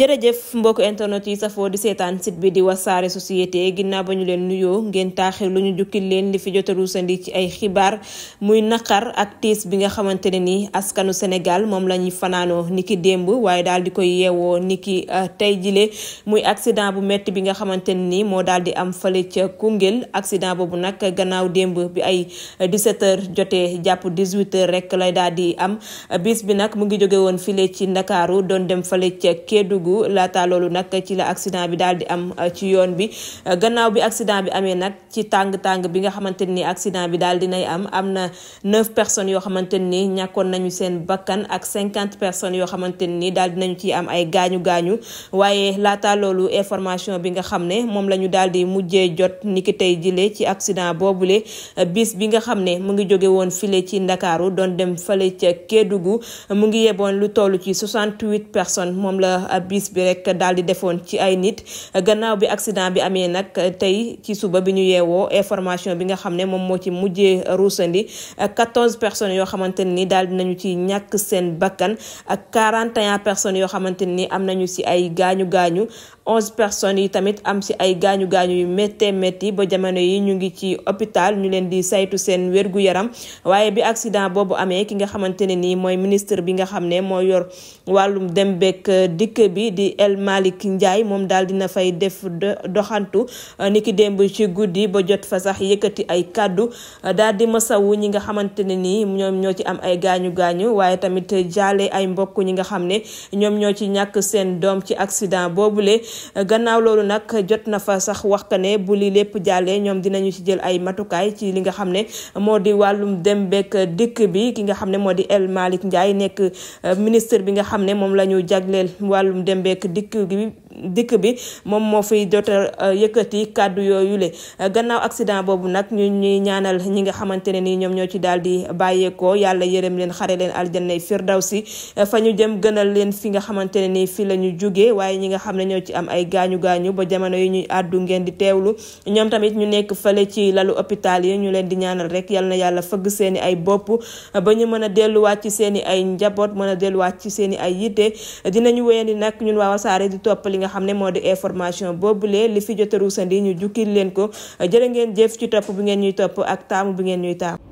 jërëjëf mbokk internet yi safoo di seetaan site bi di wasaare société ginnaaw ba ñu leen nuyoo ngeen taaxir lu ñu jukkil leen li fi jotaru sandi ci ay xibaar muy naqar ak tiis bi nga xamante ne ni askanu Sénégal moom la ñuy fanaanoo ni ki démb waaye daal di koy yeewoo ni ki euh, tey jile muy accident bu metti bi nga xamante ne ni moo daal di am fële ca Koungheul accident boobu nag gannaaw démb bi ay 17h euh, jotee jàpp 18h rek lay daal di am bis bi nag mu ngi jóge woon file ci Ndakaaru doon dem fële ca Kédougou dugg laata loolu nag ci la accident bi daal di am uh, ci yoon bi uh, gannaaw bi accident bi amee nag ci tàng-tàng bi nga xamante ni accident bi daal dinay am am na neuf personnes yoo xamante ni ñàkkoon nañu seen bakkan ak cinquante personnes yoo xamante ni daal dinañu ci am ay gaañu gaañu waaye laata loolu information bi nga xam ne moom la ñu daal di mujjee jot niki tey jile ci accident boobule uh, bis bi nga xam ne mu ngi jóge woon file ci ndakaaru doon dem fale ca Kédougou mu bis bi rek daal di defoon ci ay nit gannaaw bi accident bi amee nag tey ci suba bi ñu yeewoo information bi nga xam ne moom moo ci mujjee ruusandi 14 personnes yoo xamante ni daal di nañu ci ñàkk seen bakkan ak 41 personnes yoo xamante ni am nañu si ay gaañu gaañu 11 personnes yi tamit am si ay gaañu gaañu yu méttee métti ba jamono yi ñu ngi ci hôpital ñu leen di saytu seen wérgu yaram waaye bi accident boobu amee ki nga xamante ne nii mooy ministre bi nga xam ne mooy yor wàllum dem beek dikk bi bi di El Malick Ndiaye moom daal dina fay def doxantu ni euh, niki démb ci guddi ba jot fa sax yëkkati ay kàddu euh, daal di masawu ñi nga xamante ne nii ñoom ñoo ci am ay gaañu gaañu waaye tamit jaale ay mbokk ñi nga xam ne ñoom ñoo ci ñàkk seen doom ci accident boobule euh, gannaaw loolu nag jot na fa sax wax ka ne bu li lépp jàllee ñoom dinañu ci jël ay matukaay ci li nga xam ne moo di wàllum dem beek dikk bi ki nga xam ne moo di El Malick Ndiaye nekk ministre bi nga xam ne moom lañu ñu jagleel wàllum dem di dikk gi dikk bi moom moo fiy jota yëkkati kàddu yooyu le gannaaw accident boobu nag ñu ñuy ñaanal ñi nga xamante ne nii ñoom ñoo ci daal di bàyyeekoo yàlla yërëm leen xare leen aljanna si fa ñu jëm gënal leen fi nga xamante ne nii fi la ñu jugee waaye ñi nga xam ne ñoo ci am ay gaañu gaañu ba jamono yi ñuy àddu ngeen di teewlu ñoom tamit ñu nekk fële ci lalu hôpital yi ñu leen di ñaanal rek yal na yàlla fëgg seeni ay bopp ba ñu mën a delluwaat ci seeni ay njaboot mën a delluwaat ci seeni ay yitte xam ne moo di information boobu lee li fi jotaru a ruusandi ñu jukkil leen ko jërë ngeen jëf ci topp bi ngeen ñuy topp ak taamu bi ngeen ñuy taamu.